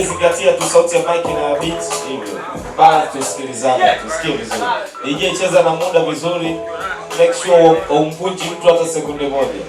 Usipoizingatia tu sauti ya mic na beat hivyo, bana, tusikilizane, tusikie vizuri. Ije cheza na muda vizuri, make sure umvunji mtu hata sekunde moja.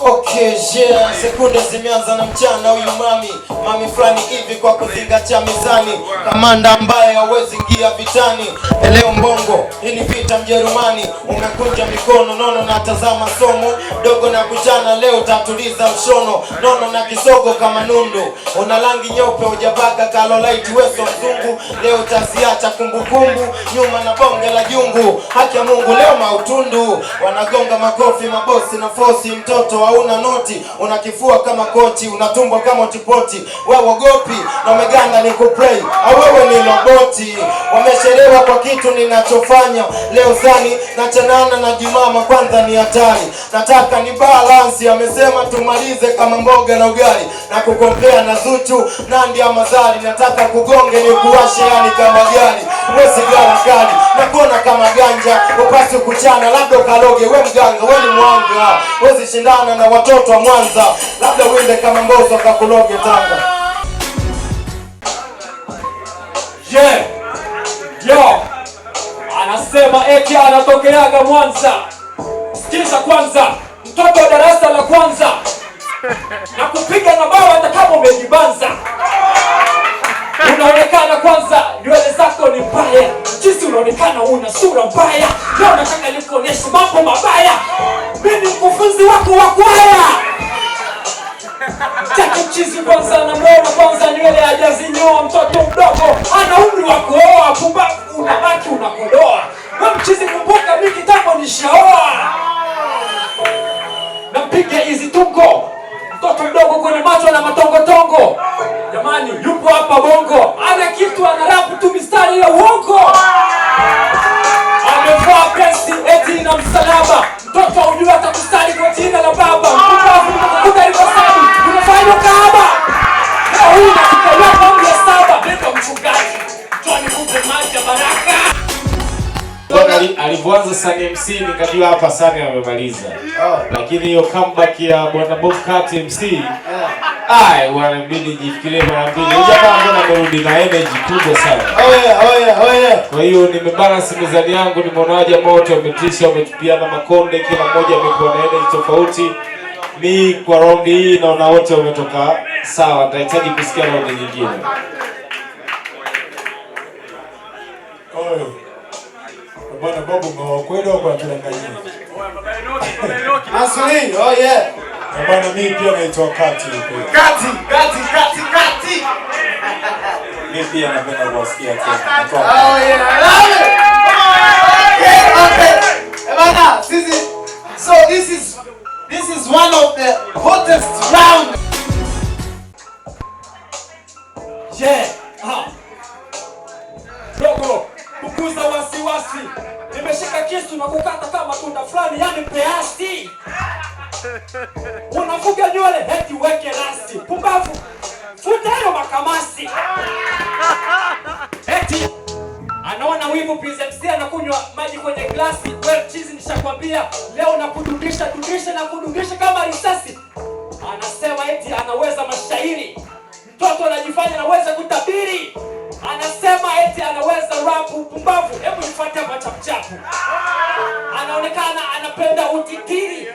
Okay, yeah. Sekunde zimeanza na mchana huyu mami mami fulani hivi kwa kuzingatia mizani, kamanda ambaye hawezi ingia vitani. eleo mbongo hili vita Mjerumani, unakunja mikono nono na tazama somo dogo na kuchana, leo tatuliza mshono nono na kisogo kama nundu, una rangi nyeupe ujabaka kalolaiti weso mzungu, leo taziacha kumbukumbu nyuma na bonge la jungu, haki ya Mungu leo mautundu wanagonga makofi mabosi na fosi mtoto hauna noti, unakifua kama koti, unatumbwa kama utipoti. Wewe na umeganda ni kupray, au wewe ni roboti? wamesherewa kwa kitu ninachofanya leo, zani nachanana na jumama kwanza ni hatari, nataka ni balansi. Amesema tumalize kama mboga na ugali na kukompea na Zuchu, nandi ama mazari nataka kugonge ni kuwashe yani kama gari we sigara gani? Nakona kama ganja, upasi kuchana, labda ukaloge, we mganga, we ni mwanga, wezi shindana na watoto wa Mwanza, labda winde kama mbozo kakuloge Tanga. Yeah. Yo. Anasema eti anatokeaga Mwanza. Sikiza kwanza, mtoto wa darasa la kwanza na kupiga na bawa hata kama umejibanza unaonekana kwanza nywele zako ni mbaya, jinsi unaonekana una sura mbaya, na unataka nikuonyeshe mambo mabaya. Mimi mkufunzi wako wa kwaya taki mchizi kwanza, namwona kwanza nywele hajazinyoa, mtoto mdogo ana umri wa kuoa, Kumba unabaki unakodoa. We mchizi, kumbuka mimi kitambo nishaoa, nampiga hizi tuko mtoto mdogo kwenye macho na mato hapa Bongo ana kitu rap tu mistari ya uongo, amevaa pesi eti na msalaba. Mtoto ujua atakusali kwa jina la Baba ukaivosani unafanya na huyu ya saba mchungaji kupe maji ya baraka alivyoanza Sani MC nikajua hapa Sani amemaliza, oh. lakini hiyo comeback ya bwana Bobcat MC eh. Ai, bwana mbidi jifikirie mara mbili. Hizo kama mbona kurudi na energy kubwa sana. Oye, oye, oye. Kwa hiyo nimebalance mizani yangu, nimeona waje ambao moto wametisha, wametupiana makonde, kila mmoja amekuwa na energy tofauti. Mi kwa round hii naona wote wametoka sawa. Nitahitaji kusikia round nyingine. Oye. Bwana babu mwa kwenda kwa kila kanyi? Asili, oye. Bwana mimi pia naitwa Kati huko. Kati, Kati, Kati, Kati. Mimi pia napenda kuwasikia tena. Oh yeah. Bwana, sisi so this is this is one of the hottest round Unafuga nywele heti weke rasi. Pumbavu. Futa hiyo makamasi. Heti anaona wivu PZMC anakunywa maji kwenye glasi. Well cheese nishakwambia leo nakudungisha kudungisha na kudungisha kama risasi. Anasema eti anaweza mashairi. Mtoto anajifanya anaweza kutabiri. Anasema eti anaweza rapu pumbavu. Hebu nifuate hapa ah! Anaonekana anapenda utikiri.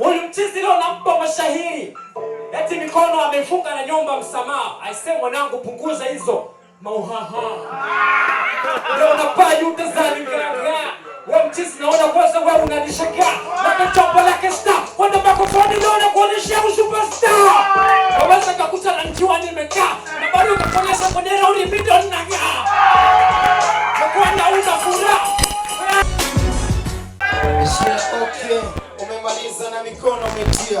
Huyu mchizi leo nampa mashahiri eti mikono amefunga na nyumba msamaha, aisee, mwanangu punguza hizo mauhaha leo napaa juu za gaga we mchizi, naona kwanza we unanishika nakachombo la kesta kwenda makofoni leo na kuonyesha usupasta aweza kakuta na mkiwa nimekaa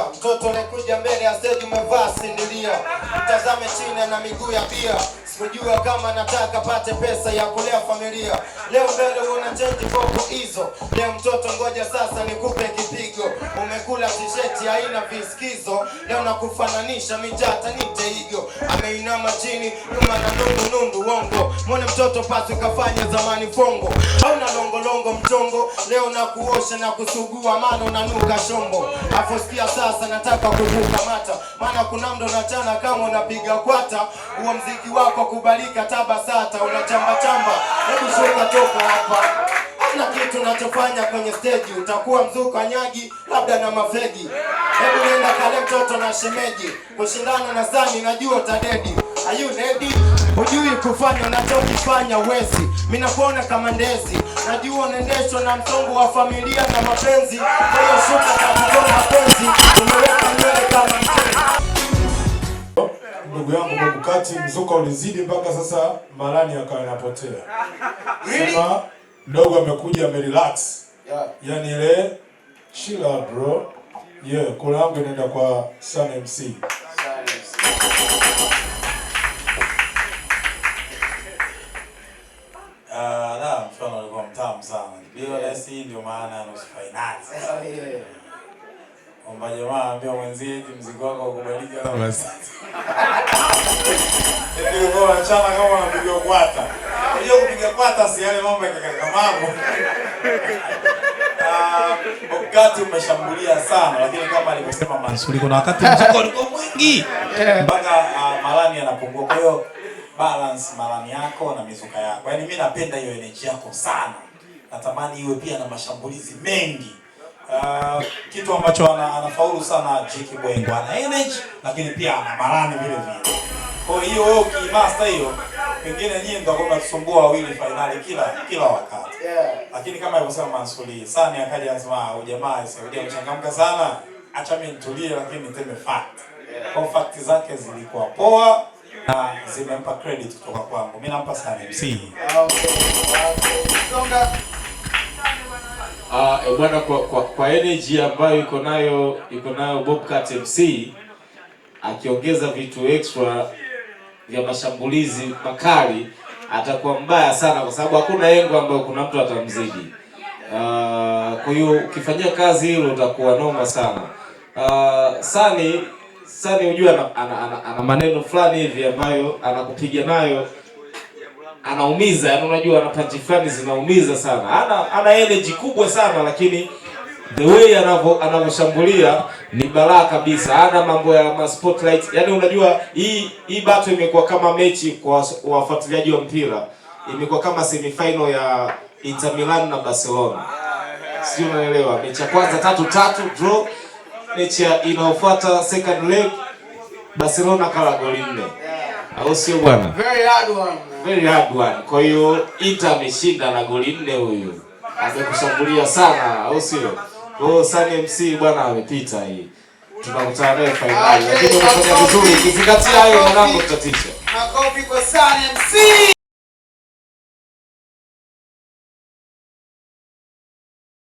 kulia, mtoto anakuja mbele ya stage umevaa sindilia, mtazame chini na miguu ya bia kujua kama nataka pate pesa ya kulea familia. Leo mbele una change popo hizo, leo mtoto, ngoja sasa nikupe kipigo. Umekula tisheti haina visikizo, leo nakufananisha mijata niteigo. Ameinama chini nyuma na nundu nundu wongo, mwone mtoto pasi kafanya zamani fongo, hauna longo longo mchongo. Leo nakuosha na kusugua, mano na nuka shombo. Afosikia sasa nataka kukukamata, maana kuna mdo nachana kama unapiga kwata, huo mziki wako kukubalika tabasata, unachamba chamba, hebu shuka toka hapa. Hamna kitu unachofanya kwenye steji, utakuwa mzuka wanyagi labda na mafegi. Hebu nenda kale mtoto na shemeji, kushindana na zani najua utadedi. Are you ready? Hujui kufanya unachokifanya uwezi. Mimi nakuona kama ndezi, najua unaendeshwa na msongo wa familia na mapenzi. Kwa hiyo shuka na mapenzi, umeweka nywele kama mtezi ndugu yangu kwa mkati mzuka ulizidi mpaka sasa malani akawa yanapotea. Sema mdogo amekuja amerelax. Yaani ile chill out bro. Yeah, kula yangu inaenda kwa Sun MC. Ah, uh, mfano alikuwa mtamu sana. Bila lesi ndio maana nusu finali kwamba jamaa mwenzie eti mzigo wako ukubaliki wala unasiti. Eti uko wachana kama unapiga kwata. Unajua kupiga kwata si yale mambo ya kaka mambo. Ah, wakati umeshambulia sana lakini kama alivyosema Mansuri kuna wakati mzigo ulikuwa mwingi mpaka uh, ah, malani anapungua. Kwa hiyo balance malani yako na mizuka yako. Yaani mimi napenda hiyo energy yako sana. Natamani iwe pia na mashambulizi mengi. Uh, kitu ambacho ana, anafaulu sana Jiki Bwengo, ana energy lakini pia ana marani vile vile. Kwa hiyo wewe ukimaster hiyo, pengine nyinyi ndio kwa kusumbua wawili finali kila kila wakati. Yeah. Lakini kama alivyosema Mansuri, Sani akaja anasema ah, huyu jamaa Saudi amechangamka sana, acha mimi nitulie lakini niteme fact. Kwa fact zake zilikuwa poa na zimempa credit kutoka kwangu. Mimi nampa Sani MC. Okay. uh, ah, bwana eh, kwa, kwa, kwa energy ambayo iko nayo iko nayo Bobcat MC akiongeza vitu extra vya mashambulizi makali atakuwa mbaya sana, kwa sababu hakuna engo ambayo kuna mtu atamzidi. Uh, kwa hiyo ukifanyia kazi hilo utakuwa noma sana. Uh, Sani Sani hujua ana, ana, ana, ana maneno fulani hivi ambayo anakupiga nayo anaumiza, yaani unajua ana punch fulani zinaumiza sana, ana ana energy kubwa sana lakini the way anavyo anavyoshambulia ni balaa kabisa. Ana mambo ya ma spotlight, yaani unajua hii hii battle imekuwa kama mechi kwa wafuatiliaji wa mpira, imekuwa kama semi final ya Inter Milan na Barcelona, sio? Unaelewa, mechi ya kwanza tatu tatu draw, mechi inayofuata second leg Barcelona kala goli nne au sio bwana? Very hard one. Very hard one. Kwa hiyo Inter ameshinda na goli nne, huyu amekushambulia sana, au sio? Kwa hiyo Sun MC bwana amepita hii, tunakutana naye finali. Ah, lakini umefanya vizuri, ukizingatia hayo mwanangu, tutatisha makofi kwa Sun MC.